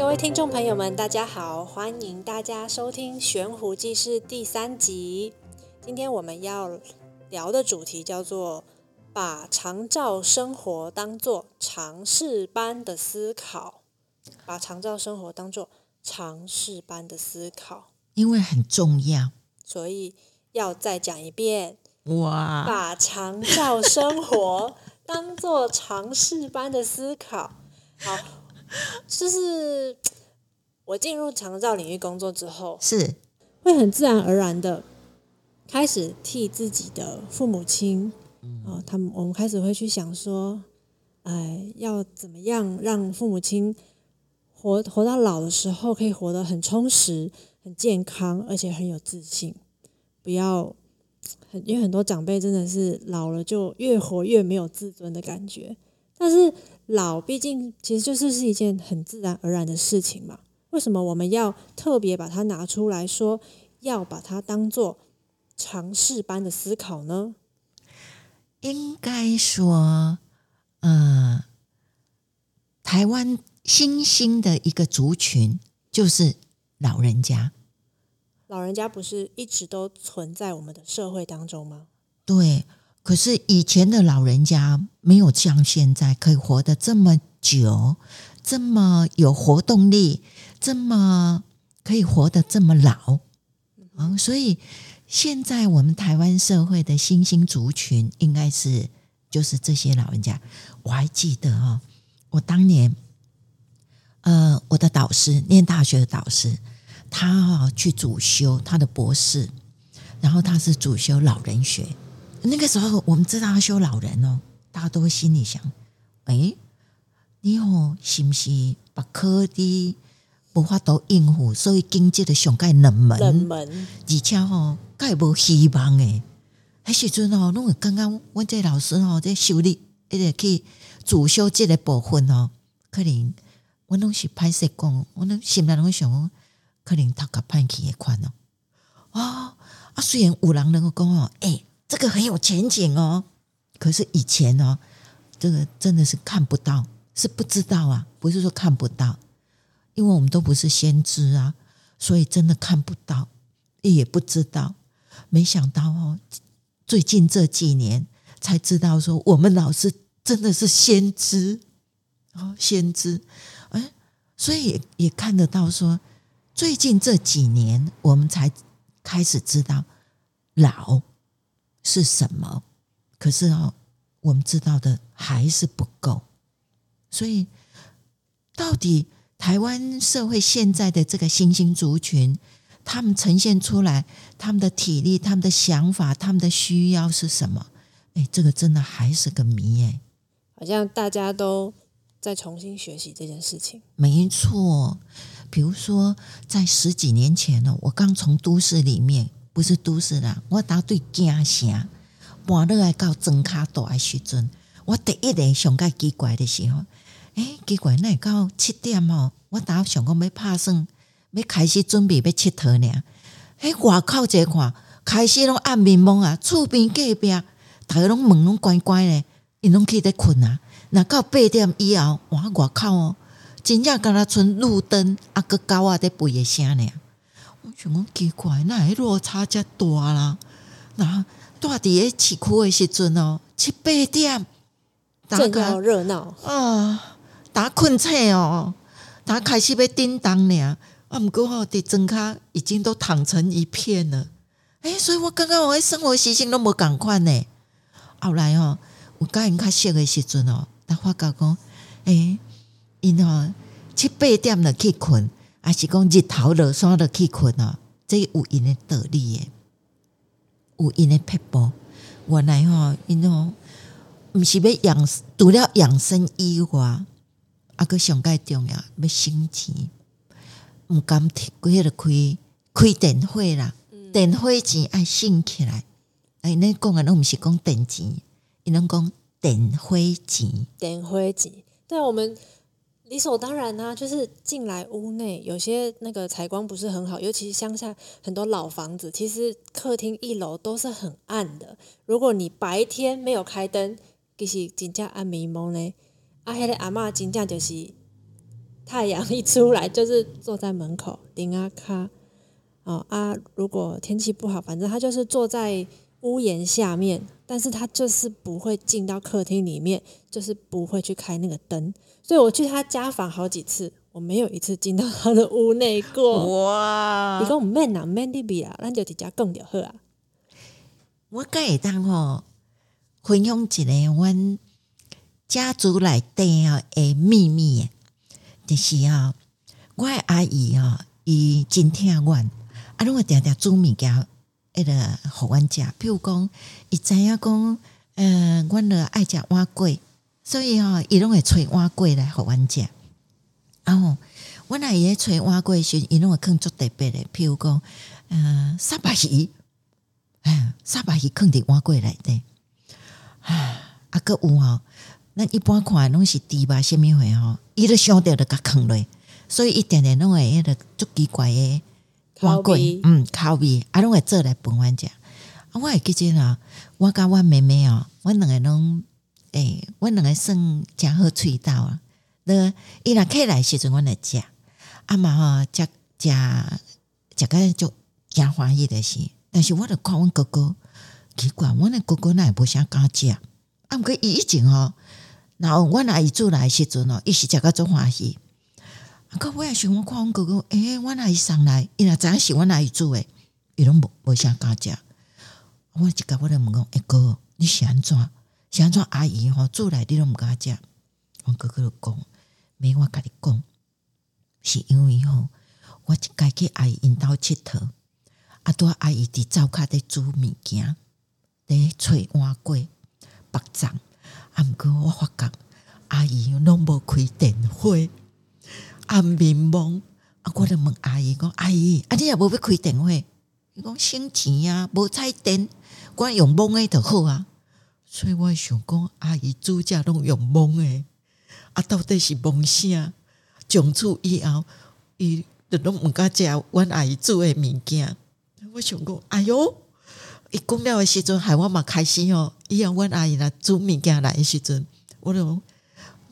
各位聽眾朋友們，大家好，歡迎大家收聽《玄壺記事》第三集。今天我們要聊的主題叫做“把長照生活當作常識般的思考”，把長照生活當作常識般的思考，因為很重要，所以要再講一遍。哇！把長照生活當作常識般的思考，好。 就是我進入長照領域工作之後，是會很自然而然的開始替自己的父母親，啊、嗯，他們我們開始會去想說，哎、呃，要怎麼樣讓父母親活活，到老的時候，可以活得很充實、很健康，而且很有自信，不要很，因為很多長輩真的是老了就越活越沒有自尊的感覺，但是。老，畢竟其實就是是一件很自然而然的事情嘛。為什麼我們要特別把它拿出來說，要把它當做常識般的思考呢？應該說，嗯、呃，台灣新興的一個族群就是老人家。老人家不是一直都存在我們的社會當中嗎？對。可是以前的老人家沒有像現在可以活得這麼久，這麼有活動力，這麼可以活得這麼老。嗯，所以現在我們台灣社會的新興族群，應該是就是這些老人家。我還記得啊、哦，我當年呃，我的導師，念大學的導師，他啊、哦、去主修他的博士，然後他是主修老人學。那個時候，我們知道要修老人哦、喔，大家都會心裡想：哎、欸，你吼、喔、是不是把科技無法都應付，所以經濟的上蓋冷門，冷門，而且哈蓋無希望誒、欸。那時候哦，弄個剛剛我這老師哦、喔、在、這個、修理，一直去主修這個部分哦、喔，可能我都是歹勢講，我都心裡都想，可能他可拍去的款哦。啊啊，雖然有人能夠講哦，哎、欸。這個很有前景哦，可是以前哦，這個真的是看不到，是不知道啊。不是說看不到，因為我們都不是先知啊，所以真的看不到也不知道。沒想到哦，最近這幾年才知道說，我們老師真的是先知哦，先知哎，所以也看得到說，最近這幾年我們才開始知道老。是什麼？可是啊、哦，我們知道的還是不夠。所以，到底台灣社會現在的這個新興族群，他們呈現出來他們的體力、他們的想法、他們的需要是什麼？哎，這個真的還是個謎哎。好像大家都在重新學習這件事情。沒錯，比如說在十幾年前呢，我剛從都市裡面。不是拄死啦，我打對驚醒，搬落來到床骹多的時陣，我第一日上較奇怪的時候，哎、欸，奇怪哪會到七點吼，我想打想講要拍算，要開始準備要佚佗呢。哎、欸，外口一看，開始攏暗暝蒙啊，厝邊隔壁逐個攏門攏關關嘞，因攏起在困啊。若到八點以後，哇，外口哦、喔，真正敢若剩路燈啊閣狗仔啊在吠的聲呢。全講奇怪，那落差遮大啦！然後到佇一市區的時陣哦，七八點，真夠熱鬧啊！打困車哦，打開始要叮當呢，啊，毋過吼，佇針骹已經都躺成一片了。哎、欸，所以我感覺我的生活習性攏無共款呢。後來哦，我剛因較熟的時陣哦、欸，他發覺講，哎，因吼七八點了去困。啊！是講日頭落山著去困啊，這裡有因誒道理誒，有因誒撇步。原來吼因哦，毋是要養，除了養生以外，啊，閣上蓋重要，要省錢，毋甘聽。幾後著開開電費啦，嗯、電費錢愛省起來。因咧講誒，攏毋是講電錢，因攏講電費錢，電費錢。但啊，我們。理所當然啊，就是進來屋內有些那個採光不是很好，尤其鄉下很多老房子，其實客廳一樓都是很暗的。如果你白天沒有開燈，其實真暗暗啊那個、真就是真正暗迷濛呢。阿黑的阿嬤真正就是太陽一出來就是坐在門口頂阿卡哦啊，如果天氣不好，反正她就是坐在。屋檐下面，但是他就是不會進到客廳裡面，就是不會去開那個燈。所以我去他家訪好幾次，我沒有一次進到他的屋內過。哇！說啊、你說我們毋免啊，毋免比啊，咱就直接講就好啊。我可以當哦，分享一下阮家族內底哦的秘密，就是哦，我的阿姨啊、哦，伊真聽我，啊，攏會常常煮物件。迄個互阮食，比如講，伊知影講，嗯，阮著愛食碗粿，所以吼伊攏會揣碗粿來互阮食。然後，阮呢也揣碗粿時，伊攏會囥足特別的，比如講，嗯，沙白魚，哎，沙白魚囥佇碗粿內底。啊，抑閣、呃啊、有吼咱一般看攏是豬肉啥物貨吼，伊都小着着個坑來，所以伊定定攏會迄個足奇怪的。我貴，嗯，口味，啊攏會做來阮食啊，我會記着啊。我甲阮妹妹哦，阮兩個攏哎，阮、欸、兩個算誠好喙斗啊，那伊若開來時陣，阮會食啊。嘛吼食食食甲就誠歡喜的是，但是我著看阮哥哥，奇怪，阮誒哥哥若會無啥敢食啊。毋過伊以前吼，然後我若伊煮來誒時陣吼，伊是食甲足歡喜。啊，哥，我也想講看阮哥哥。哎、欸，阮阿姨送來，伊若知影是阮阿姨煮哎，伊攏無無啥敢食。我一個，我咧問講，哎哥，你是安怎？是安怎？阿姨吼煮來你攏毋敢食？阮哥哥就講，免我甲你講，是因為吼，我一家去阿姨因兜佚佗。阿、啊、多阿姨佇灶骹在煮物件，在揣碗粿、白粽。啊，毋過我發覺阿姨攏無開電火。阿明蒙，我著問阿姨講，阿姨，啊，你阿無要開電話，伊講省錢啊，無彩電，我用蒙的著好啊。所以我會想講，阿姨煮只攏用蒙的，啊，到底是蒙啥？從此以後，伊著攏毋敢食阮阿姨煮的物件。我想講，哎喲，伊講了的時陣，害我嘛，開心哦。以後阮阿姨若煮物件來的時陣，我著講。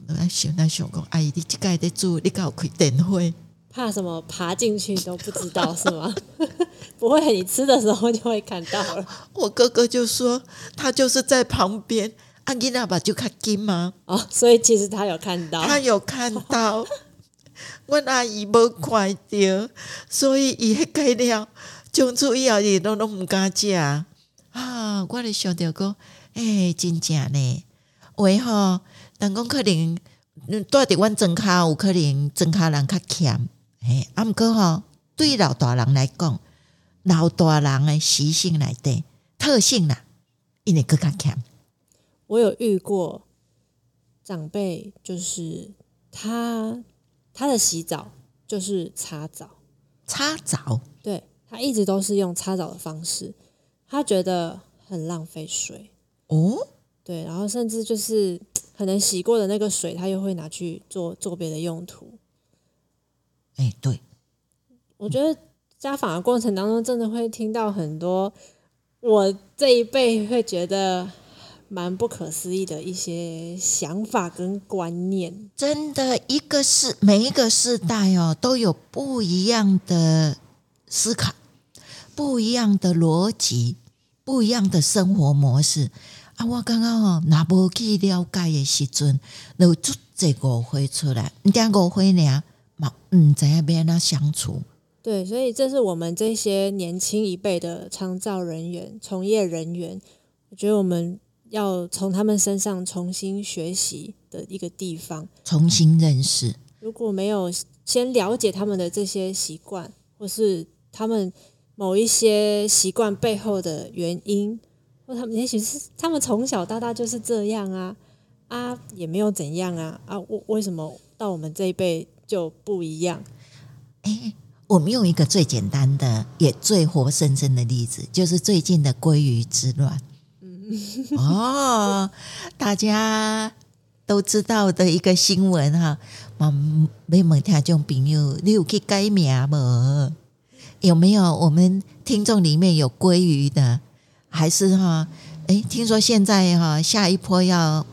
我愛想，那想講，阿姨你就個在做，你敢開電火，怕什麼爬進去都不知道是嗎？ 不會，你吃的時候就會看到了。我哥哥就說，他就是在旁邊，阿囡仔目睭較金嘛，哦，所以其實他有看到，他有看到。 我阿姨無看到，所以伊迄個了，從此以後，伊都都唔敢食啊。啊，我就想到講，哎、欸，真假呢？為何？.但講可能，嗯，都是住佇阮莊跤，有可能莊跤人較儉。哎，啊毋過吼，對老大人來講，老大人的習性內底特性啦、啊，伊會閣較儉。我有遇過長輩，就是他他的洗澡就是擦澡，擦澡，對，他一直都是用擦澡的方式，他覺得很浪費水。哦。對，然後甚至就是可能洗過的那個水，他又會拿去做做別的用途。哎、欸，對，我覺得家訪的過程當中，真的會聽到很多我這一輩會覺得蠻不可思議的一些想法跟觀念。真的，一個世，每一個世代哦，都有不一樣的思考，不一樣的邏輯，不一樣的生活模式。啊，我剛剛哦，那無了解的時陣，就這個會出來，你聽個會呢？嘛，唔知那人那相處。對，所以這是我們這些年輕一輩的創造人員、從業人員，我覺得我們要從他們身上重新學習的一個地方，重新認識。如果沒有先了解他們的這些習慣，或是他們某一些習慣背後的原因。他們也許是他們從小到大就是這樣啊，啊也沒有怎樣啊，啊為為什麼到我們這一輩就不一樣？哎、欸，我們用一個最簡單的也最活生生的例子，就是最近的鮭魚之亂。嗯哦， 大家都知道的一個新聞哈。嗯、哦，我們聽眾朋友，你有去改名嗎？有沒有我們聽眾裡面有鮭魚的？還是哈，哎，聽說現在哈，下一波要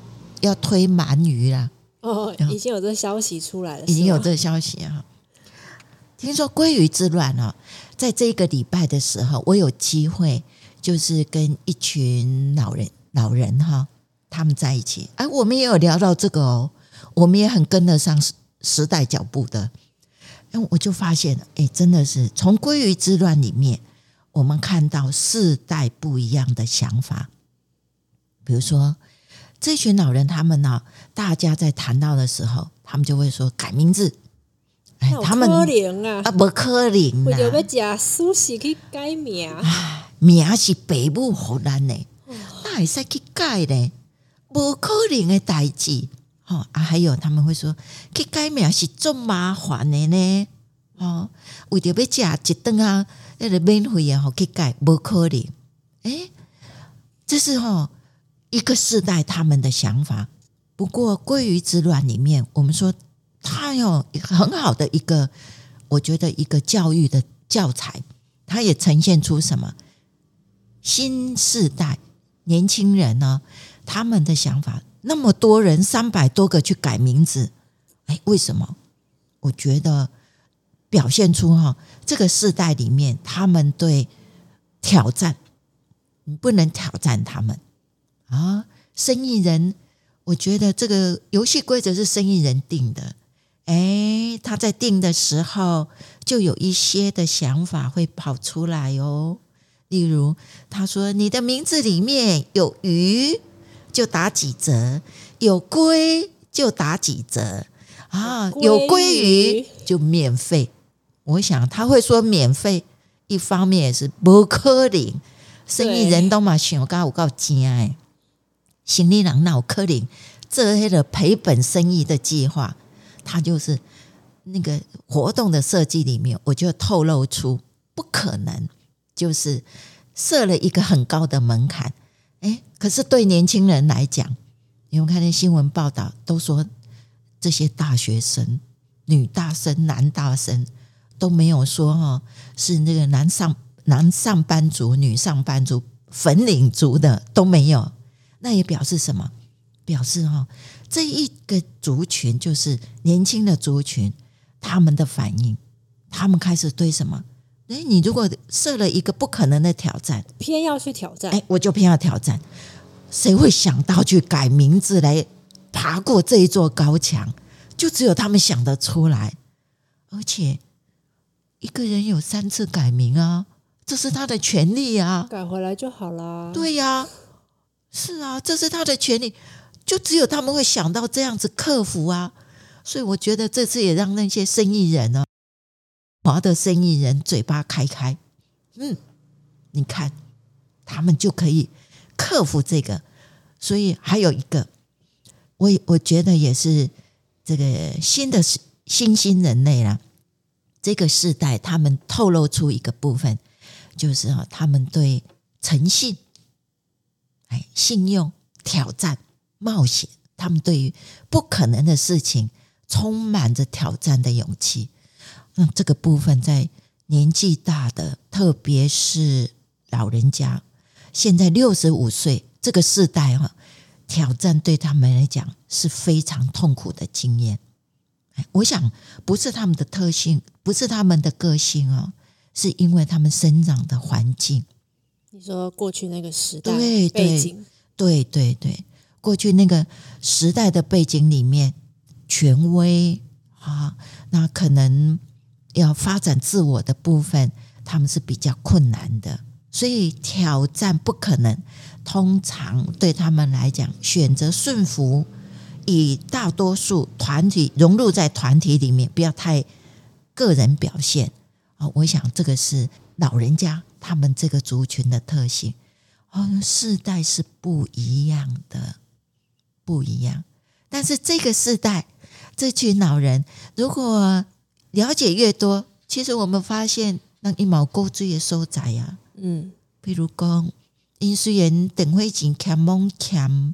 要推鰻魚了。哦，已經有這個消息出來了。已經有這個消息哈。聽說鮭魚之亂啊，在這個禮拜的時候，我有機會就是跟一群老人老人哈，他們在一起。哎，啊，我們也有聊到這個哦，我們也很跟得上時代腳步的。哎，我就發現，哎，真的是從鮭魚之亂裡面。我們看到世代不一樣的想法，比如說這群老人他們呢、哦，大家在談到的時候，他們就會說改名字。可能啊，哎，他們啊、不可能啊，啊不可能，為著要借蘇西去改名啊，名是北部湖南的，那還塞去改的，不可能的代志。好啊，還有他們會說去改名是真麻煩的呢。哦，為了要加一頓啊，那個免費也好去改，無可能。誒、欸，這是哈、哦、一個世代他們的想法。不過《鮭魚之亂》裡面，我們說他有很好的一個，我覺得一個教育的教材，他也呈現出什麼新時代年輕人呢、哦？他們的想法，那麼多人三百多個去改名字，誒、欸，為什麼？我覺得。表現出哈，這個世代裡面，他們對挑戰，你不能挑戰他們啊！生意人，我覺得這個遊戲規則是生意人定的。誒，他在定的時候，就有一些的想法會跑出來哦。例如，他說：“你的名字裡面有魚，就打幾折；有龜，就打幾折啊；有鮭魚，就免費。”我想他會說免費，一方面是不可能，生意人都嘛行。我我告訴你哎，行李囊腦殼領這些的賠本生意的計劃，他就是那個活動的設計裡面，我就透露出不可能，就是設了一個很高的門檻。哎，可是對年輕人來講，你們看那新聞報道都說這些大學生、女大生、男大生。都沒有說哈，是那個男上男上班族、女上班族、粉領族的都沒有。那也表示什麼？表示哈，這一個族群就是年輕的族群，他們的反應，他們開始對什麼？誒，你如果設了一個不可能的挑戰，偏要去挑戰，誒，我就偏要挑戰。誰會想到去改名字來爬過這一座高牆？就只有他們想得出來，而且。一個人有三次改名啊，這是他的權利啊，改回來就好了。對呀，是啊，這是他的權利，就只有他們會想到這樣子克服啊。所以我覺得這次也讓那些生意人呢，華的生意人嘴巴開開，嗯，你看他們就可以克服這個。所以還有一個，我我覺得也是這個新的新新人類啦。這個世代，他們透露出一個部分，就是他們對誠信、信用、挑戰、冒險，他們對於不可能的事情充滿着挑戰的勇氣。那、嗯、這個部分，在年紀大的，特別是老人家，現在六十五歲這個世代，挑戰對他們來講是非常痛苦的經驗。我想，不是他們的特性，不是他們的個性哦，是因為他們生長的環境。你說過去那個時代，對對，背景，對對對，過去那個時代的背景裡面，權威啊，那可能要發展自我的部分，他們是比較困難的，所以挑戰不可能。通常對他們來講，選擇順服。以大多數團體融入在團體裡面，不要太個人表現。哦，我想這個是老人家他們這個族群的特性。哦，世代是不一樣的，不一樣。但是這個世代這群老人，如果了解越多，其實我們發現那一毛孤錐也收窄呀。嗯，比如說林書源、雖然等惠錦、陳夢強。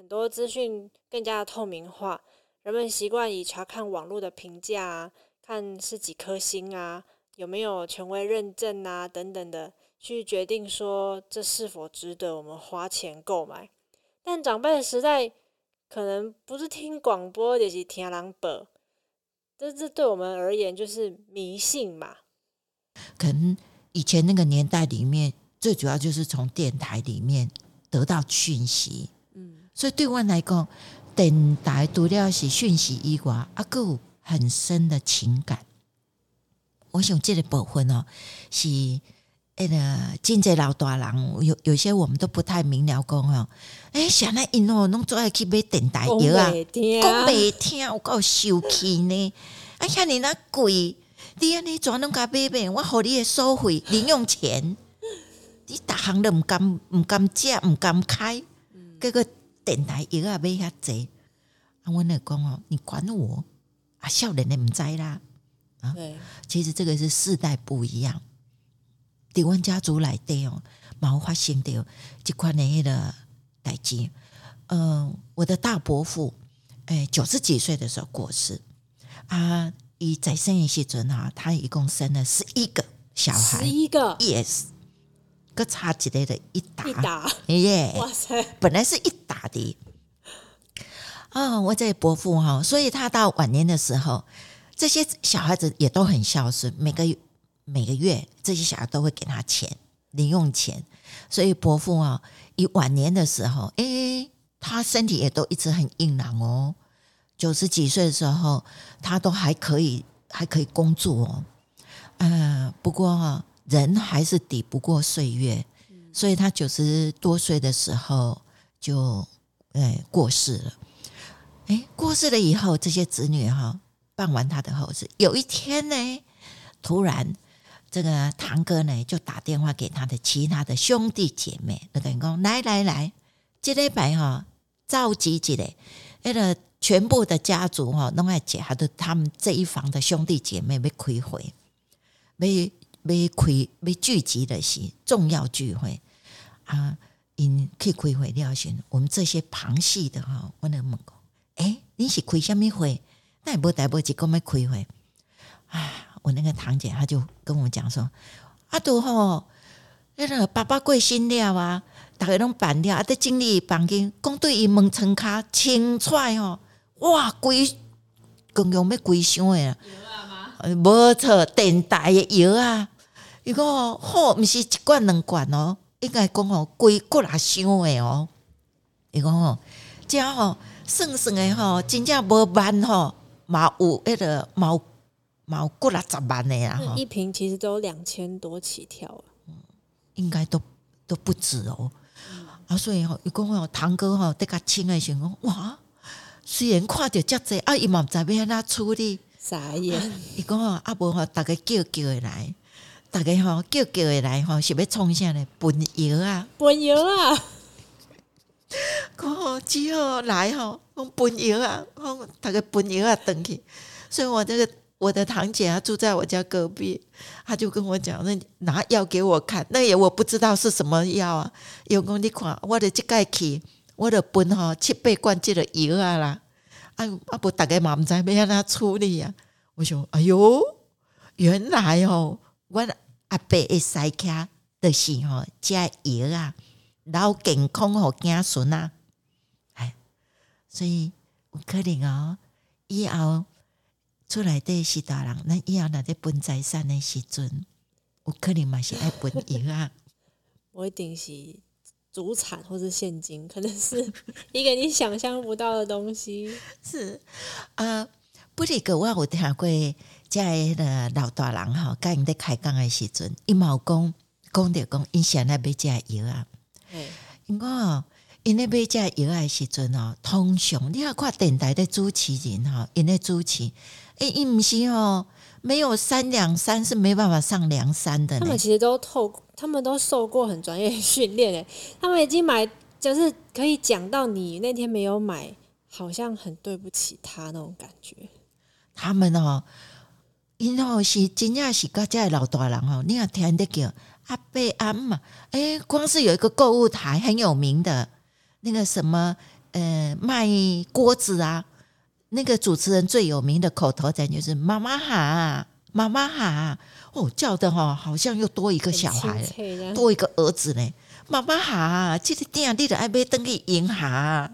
很多資訊更加透明化，人們習慣以查看網絡的評價啊，看是幾顆星啊，有沒有權威認證啊等等的，去決定說這是否值得我們花錢購買。但長輩的時代，可能不是聽廣播，也、就是聽老本，這這對我們而言就是迷信嘛。可能以前那個年代裡面，最主要就是從電台裡面得到訊息。所以對我來講，電台除了是訊息以外，啊，閣有很深的情感。我想即個部分哦，是那個真濟老大人，有有些我們都不太明了講哦。哎、欸，想來因哦，攏總愛去買電台藥啊，講袂聽，我夠受氣呢。哎呀，爾那貴，你安尼全攏甲買買，我予你的所費零用錢，你逐項都毋敢毋敢借毋敢開，閣閣。電台一個也袂遐賊，阿溫二公哦，你管我？阿孝奶奶唔知啦、啊，啊對，其實這個是世代不一樣。台灣家族來的哦，毛髮新的哦，一款的迄個代志。嗯，我的大伯父，欸，九十幾歲的時候過世。啊，伊在生欸時陣吼，他一共生了十一個小孩，十一個，yes。差個差幾代的一打，耶！哇塞，本來是一打的啊、哦！我這伯父哈、哦，所以他到晚年的時候，這些小孩子也都很孝順，每個每個月這些小孩都會給他錢零用錢，所以伯父啊、哦，晚年的時候，哎，他身體也都一直很硬朗哦。九十幾歲的時候，他都還可以，還可以工作哦。嗯、呃，不過哈、哦。人還是抵不過歲月，所以他九十多歲的時候就哎過世了。哎，過世了以後，這些子女哈、哦、辦完他的後事，有一天呢，突然這個堂哥呢就打電話給他的其他的兄弟姐妹，那個人講來來來，今天擺哈召集起來，那個全部的家族哈弄來解他的他們這一房的兄弟姐妹被虧回被，要開要聚集的是重要聚會啊！因去開會了。要我們這些旁系的哈，我就問個哎、欸，你是開啥物會？那也無代無誌，幹麼開會？啊！我那個堂姐，她就跟我講說：“啊，多吼、哦，那個爸爸過身了啊，大家攏辦了，啊，得經理房間，講對伊門窗卡清菜吼、哦。哇！規公用要規箱的油啊無哎，錯，電台的油啊。”伊講吼好毋是一罐兩罐哦，應該講吼貴過啦燒誒哦。伊講吼，遮吼、哦，算算誒吼，真正無萬吼，嘛、那個，有迄個嘛有過啦十萬誒吼、哦，一瓶其實都兩千多起跳啊，應該都都不止哦。嗯、啊，所以吼，伊講吼堂哥吼、哦，得較清誒時陣講哇，雖然看著遮濟，嘛、啊、毋知欲安怎處理啥耶？伊講吼啊無吼，逐個叫叫來。大概吼叫叫下來吼，是不衝啥來？分藥啊，分藥啊！吼只好來吼，我分藥啊，我大概分藥啊，等去。所以我，我這個我的堂姐啊，住在我家隔壁，她就跟我講，那拿藥給我看，那也我不知道是什麼藥啊。又講，你看，我的膝蓋去，我的分吼七倍關節的藥啊啦，啊啊不，大概蠻在被他處理啊。我說：“哎喲，原來哦。我阿伯的世客都是吼家藥啊，然後健康吼家孫啊，唉，所以有可能哦、喔，以後出來的是大人，那以後若在分財產的時陣，有可能嘛是愛分油啊。 我一定是祖產或者現金，可能是一個你想象不到的東西， 是啊。呃不哩個我有聽過在那老大人哈，跟人在開講的時陣，伊嘛講講着講，伊想咧要買藥啊。因、欸、哦，因咧要買藥的時陣哦，通常你要看電台的主持人哈，因咧主持，哎，伊毋是哦，沒有三兩三是沒辦法上梁山的。他們其實都透過，他們都受過很專業的訓練誒。他們已經買，就是可以講到你那天沒有買，好像很對不起他那種感覺。他們哦、喔，然後、喔、是真正是國家的老大人哦、喔，你看聽得叫阿伯阿嬤嘛，哎、欸，光是有一個購物台很有名的那個什麼呃賣鍋子啊，那個主持人最有名的口頭禪就是“媽媽哈，媽媽哈”，哦、喔、叫的哈、喔、好像又多一個小孩，多一個兒子呢。媽媽啊」媽媽哈”，這個點你都還沒等你贏哈，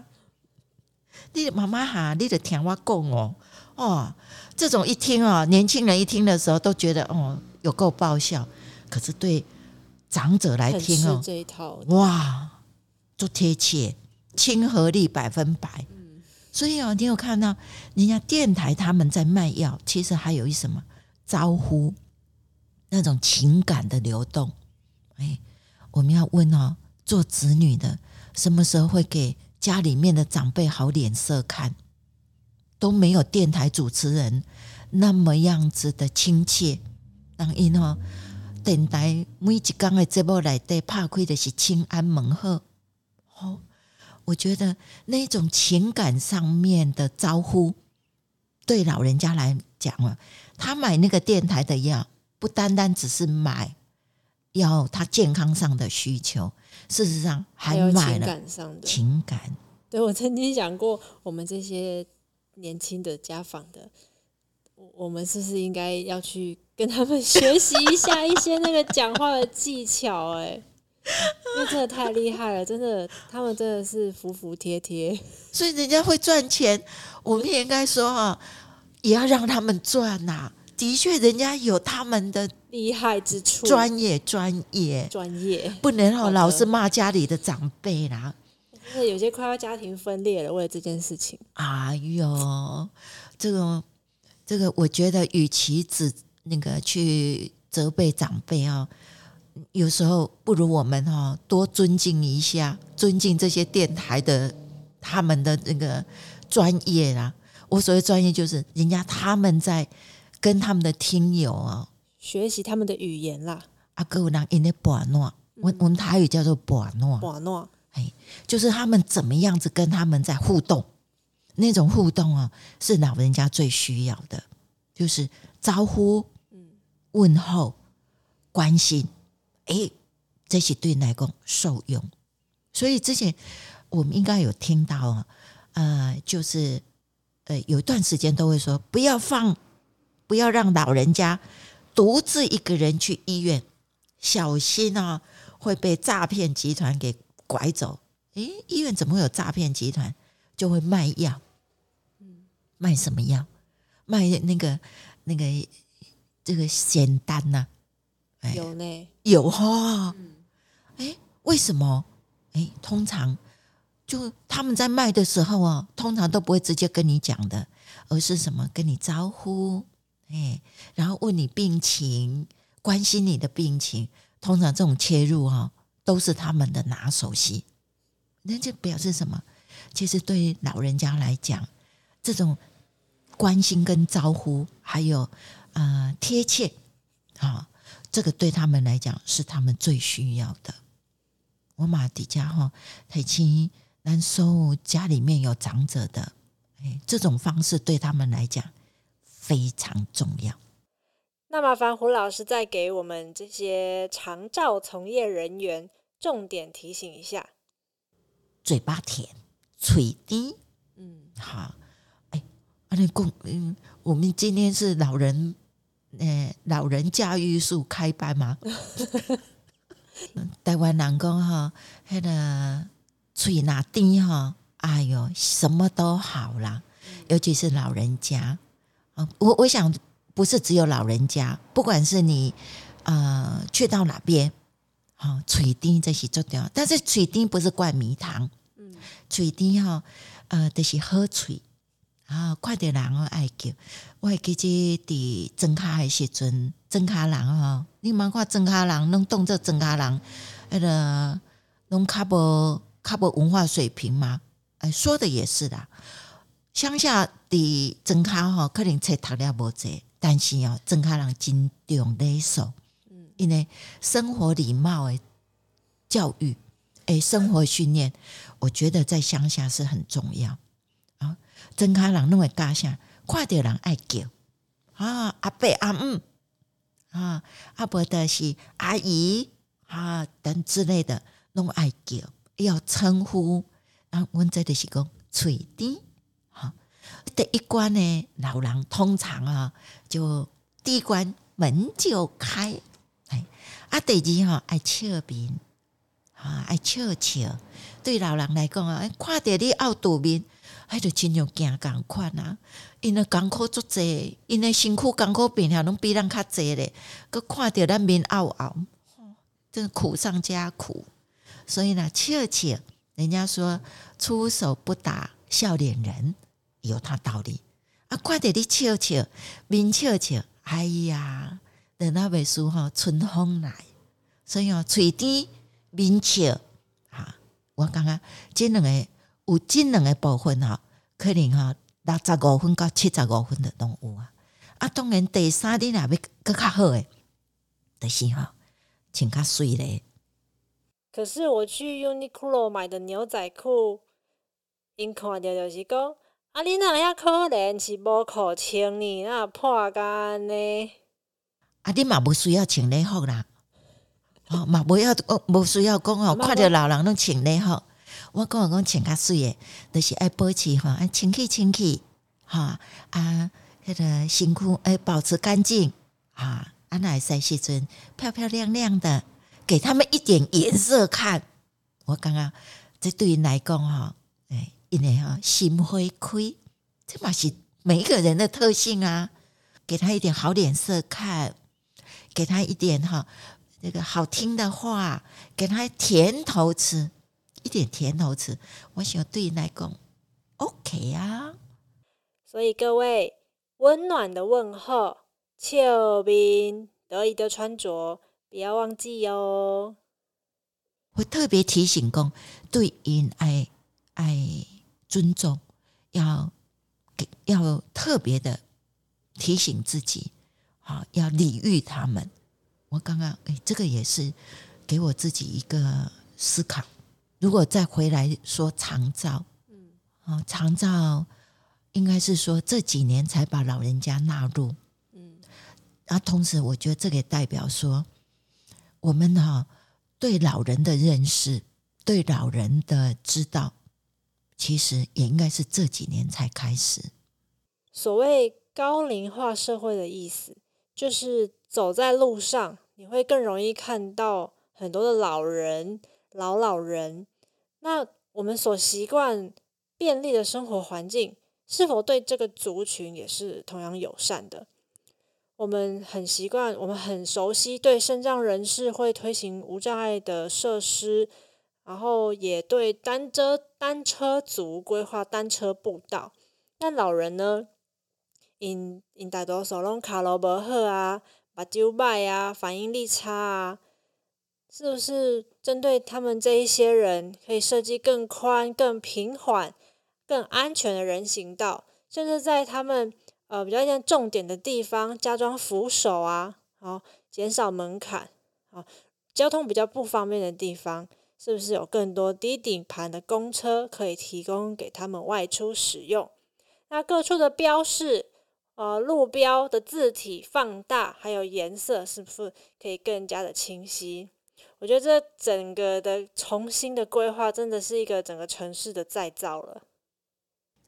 你媽媽哈，你得聽我講哦、喔。哦，這種一聽啊、哦，年輕人一聽的時候都覺得哦有夠爆笑，可是對長者來聽哦，這一套哇，多貼切，親和力百分百、嗯。所以哦，你有看到人家電台他們在賣藥，其實還有一什麼招呼，那種情感的流動。哎、欸，我們要問哦，做子女的什麼時候會給家裡面的長輩好臉色看？都沒有電台主持人那麼樣子的親切，當然哈，電台每一講的節目內底怕虧的是清安猛賀哦。我覺得那種情感上面的招呼，對老人家來講啊，他買那個電台的藥，不單單只是買，要他健康上的需求，事實上還買了情感，情感上的情感。對，我曾經講過，我們這些。年輕的家訪的我，我們是不是應該要去跟他們學習一下一些那個講話的技巧、欸？哎，那真的太厲害了，真的，他們真的是服服帖帖，所以人家會賺錢，我們也應該說啊，也要讓他們賺吶、啊。的確，人家有他們的厲害之處，專業、專業、專業，不能、哦、老是罵家裡的長輩啦、啊。就是有些快要家庭分裂了，為了這件事情。哎呦，這個這個，我覺得與其只那個去責備長輩啊、哦，有時候不如我們哈、哦、多尊敬一下，尊敬這些電台的他們的那個專業啦。我所謂專業就是人家他們在跟他們的聽友啊、哦、學習他們的語言啦。啊，哥、嗯，我因為尼播諾，我們台語叫做播諾，播諾。哎，就是他們怎麼樣子跟他們在互動？那種互動啊，是老人家最需要的，就是招呼、問候、關心。哎、欸，這些對奶公受用。所以之前我們應該有聽到、啊，呃，就是呃，有一段時間都會說，不要放，不要讓老人家獨自一個人去醫院，小心啊會被詐騙集團給。拐走？哎，醫院怎麼會有詐騙集團？就會賣藥，嗯，賣什麼藥？賣那個那個這個仙丹吶、啊？有呢，有哈、哦。哎、嗯，為什麼？哎，通常就他們在賣的時候啊，通常都不會直接跟你講的，而是什麼？跟你招呼，哎，然後問你病情，關心你的病情。通常這種切入啊。都是他們的拿手戲，那就表示什麼？其實對老人家來講，這種關心跟招呼，還有呃貼切，啊、哦，這個對他們來講是他們最需要的。我馬迪家哈，太清，難受家裡面有長者的，哎，這種方式對他們來講非常重要。那麻煩胡老師再給我們這些長照從業人員重點提醒一下：嘴巴甜，嘴甜。嗯，好。哎、欸，嗯，我們今天是老人，欸、老人教育術開班嘛、 嗯。台灣人講哈，那個嘴那甜哈，哎呦，什麼都好了，嗯，尤其是老人家、嗯、我，我想。不是只有老人家，不管是你，呃，去到哪邊，好嘴甜這些做掉，但是嘴甜不是灌迷湯。嗯，嘴甜要呃，都、就是好嘴啊，快、哦、點人我、哦、愛叫，我還記得的增卡還時陣增卡人哈、哦，你蠻看增卡人，儂當作增卡人，那個儂較無較無文化水平嘛，哎，說的也是啦，鄉下的增卡哈，可能冊讀了無濟。但是哦，莊腳人真重禮數，因為生活禮貌的教育，誒，生活訓練，我覺得在鄉下是很重要啊。莊腳人攏個家鄉，看到人愛叫啊，阿伯阿姆啊，阿伯的是阿姨啊等之類的攏愛叫，要稱呼啊。阮這就是講喙甜。第一關呢，老人通常啊，就第一關門就開，哎，啊第二吼愛笑面，啊愛笑啊笑。對老人來講啊，看着你奧堵面，還就親像驚共款啊，因為艱苦足濟，因為辛苦艱苦邊哈，攏比咱較濟咧，擱看着咱面拗拗，真苦上加苦，所以呢，笑笑，人家說，出手不打笑臉人。有他道理啊！看着你笑笑，面笑笑，哎呀，若那袂輸吼，春風來，所以吼、哦，喙甜面笑哈、啊，我感覺即兩個有即兩個部分吼、哦，可能吼六十五分到七十五分的攏有啊！啊，當然第三你若欲佫較好誒，的、就是吼、哦，穿較水咧。可是我去 Uniqlo 買的牛仔褲，因看着就是講。啊，恁、哦、那也可能、就是無靠穿呢，那破干呢。啊，恁嘛無需要請禮服啦，哦，嘛，無要，我無需要講哦。看着老人攏穿禮服。我講，剛講穿較水誒，著是愛保持吼，哈，清氣清氣，好啊。迄個身軀愛，保持乾淨啊，若會使時陣漂漂亮亮的，給他們一點顏色看。我感覺這對因來講吼。因為哈心花開，這嘛是每一個人的特性啊。給他一點好臉色看，給他一點哈那個好聽的話，給他甜頭吃一點甜頭吃。我喜歡對伊來講 OK 啊。所以各位溫暖的問候，笑面得意的穿着，不要忘記哦。我特別提醒講，對伊愛愛。愛尊重，要給要特別的提醒自己，好要禮遇他們。我剛剛哎，這個也是給我自己一個思考。如果再回來說長照，嗯，啊，長照應該是說這幾年才把老人家納入，嗯，啊，同時我覺得這個也代表說我們哈、啊、對老人的認識，對老人的知道。其實也應該是這幾年才開始。所謂高齡化社會的意思，就是走在路上你會更容易看到很多的老人、老老人。那我們所習慣便利的生活環境，是否對這個族群也是同樣友善的？我們很習慣，我們很熟悉，對身障人士會推行無障礙的設施。然後也對單車、單車族規劃單車步道，但老人呢，因因大多數攏走路無好啊，目睭歹啊，反應力差啊，是不是針對他們這一些人，可以設計更寬、更平緩、更安全的人行道，甚至在他們呃比較一些重點的地方加裝扶手啊，好，減少門檻，好，交通比較不方便的地方。是不是有更多低底盤的公車可以提供給他們外出使用？那各處的標示，呃，路標的字體放大，還有顏色，是不是可以更加的清晰？我覺得這整個的重新的規劃，真的是一個整個城市的再造了。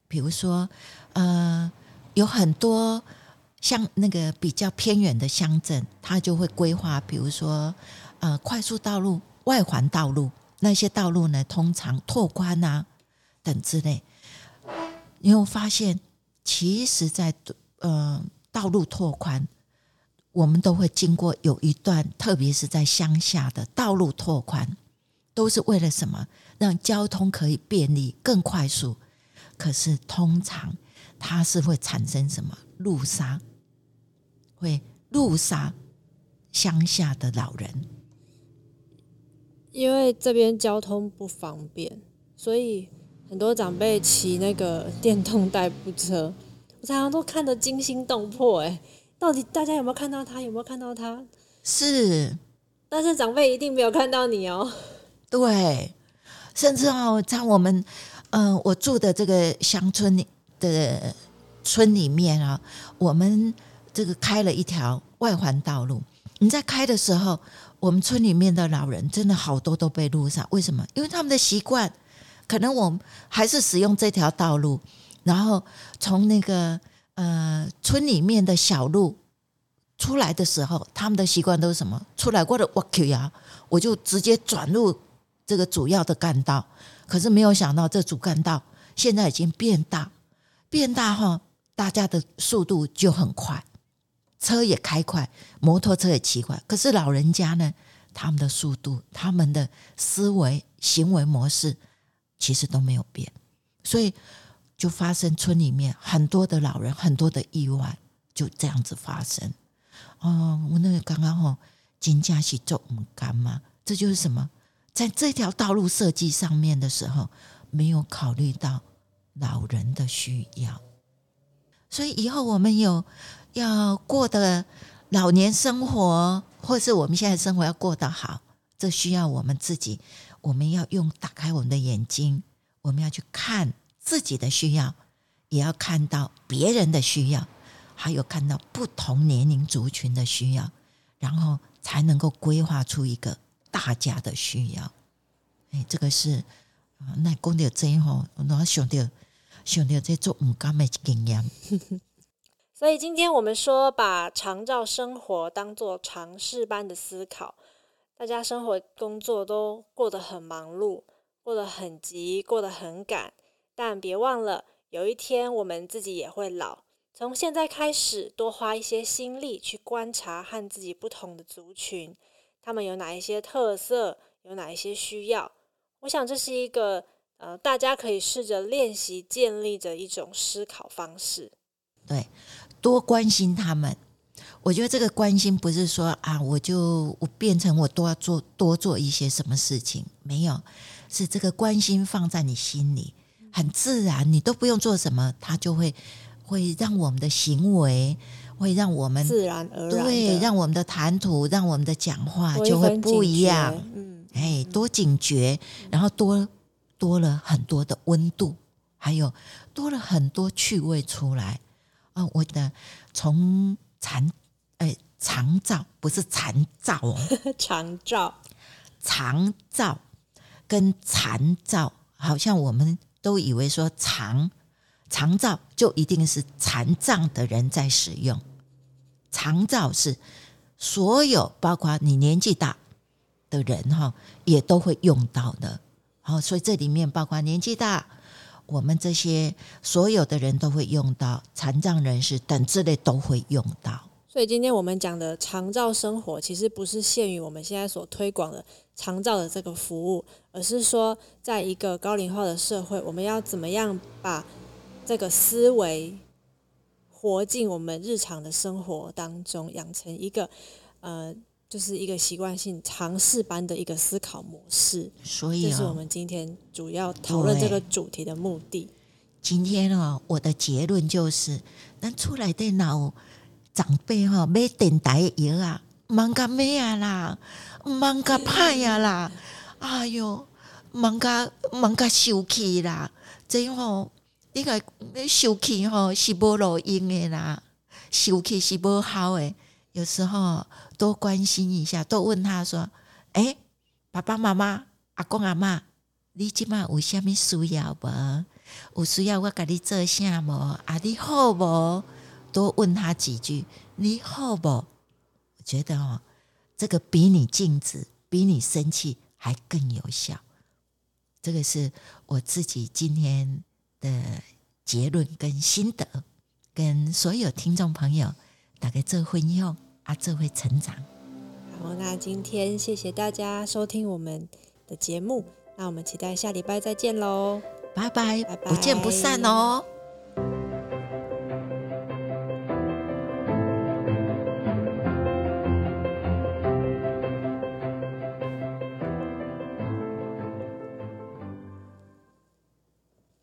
比如說，呃，有很多像那個比較偏遠的鄉鎮，它就會規劃，比如說，呃，快速道路、外環道路。那些道路呢，通常拓寬啊等之類，你會發現，其實在呃道路拓寬，我們都會經過有一段，特別是在鄉下的道路拓寬，都是為了什麼？讓交通可以便利更快速。可是通常它是會產生什麼？路殺，會路殺鄉下的老人。因為這邊交通不方便，所以很多長輩騎那個電動代步車，我常常都看得驚心動魄。哎，到底大家有沒有看到他？有沒有看到他？是，但是長輩一定沒有看到你哦。對，甚至在我們嗯、呃、我住的這個鄉村的村裡面啊，我們這個開了一條外環道路，你在開的時候。我們村裡面的老人真的好多都被路上，為什麼？因為他們的習慣，可能我們還是使用這條道路，然後從那個呃村裡面的小路出來的時候，他們的習慣都是什麼？出來過的我 Q 呀，我就直接轉入這個主要的幹道。可是沒有想到，這主幹道現在已經變大，變大哈，大家的速度就很快。車也開快，摩托車也騎快，可是老人家呢？他們的速度、他們的思維、行為模式其實都沒有變，所以就發生村裡面很多的老人、很多的意外，就這樣子發生。哦，我那個剛剛吼金家去做我們幹嘛，這就是什麼？在這條道路設計上面的時候，沒有考慮到老人的需要，所以以後我們有。要過的老年生活，或者是我們現在生活要過得好，這需要我們自己。我們要用打開我們的眼睛，我們要去看自己的需要，也要看到別人的需要，還有看到不同年齡族群的需要，然後才能夠規劃出一個大家的需要。哎，這個是那公掉工作真好，我想到想到在做五幹的經驗。所以今天我們說，把長照生活當作常識般的思考。大家生活工作都過得很忙碌，過得很急，過得很趕。但別忘了，有一天我們自己也會老。從現在開始，多花一些心力去觀察和自己不同的族群，他們有哪一些特色，有哪一些需要。我想這是一個呃，大家可以試着練習建立的一種思考方式。對。多關心他們，我覺得這個關心不是說啊，我就我變成我都要做多做一些什麼事情，沒有，是這個關心放在你心裡，很自然，你都不用做什麼，它就會會讓我們的行為，會讓我們自然而然，對，讓我們的談吐，讓我們的講話就會不一樣，嗯，哎，多警覺，嗯，然後多多了很多的溫度，還有多了很多趣味出來。我的從殘呃，欸，長照不是殘照哦，長 照，長照跟殘照，好像我們都以為說長長照就一定是殘障的人在使用，長照是所有包括你年紀大的人哈、哦，也都會用到的。好、哦，所以這裡面包括年紀大。我們這些所有的人都會用到，殘障人士等之類都會用到。所以今天我們講的長照生活，其實不是限於我們現在所推廣的長照的這個服務，而是說，在一個高齡化的社會，我們要怎麼樣把這個思維活進我們日常的生活當中，養成一個呃。就是一個習慣性常識般的一個思考模式，所以這是我們今天主要討論這個主題的目的，哦。今天哦，我的結論就是，咱出來電腦長輩沒別等待贏啊，忙噶沒啊啦，忙噶怕呀啦，哎呦，忙噶忙噶生氣啦，這樣哦，你個你生氣哦是無路用的啦，生氣是無好的。有時候多關心一下，多問他說：“哎，爸爸媽媽、阿公阿媽，你今晚有什麼需要不？有需要我給你做什麼啊，你好不？多問他幾句，你好不？”我覺得哦，這個比你禁止、比你生氣還更有效。這個是我自己今天的結論跟心得，跟所有聽眾朋友打開做運用。他會成長。好，那今天謝謝大家收聽我們的節目，那我們期待下禮拜再見嘍，拜拜，不見不散哦。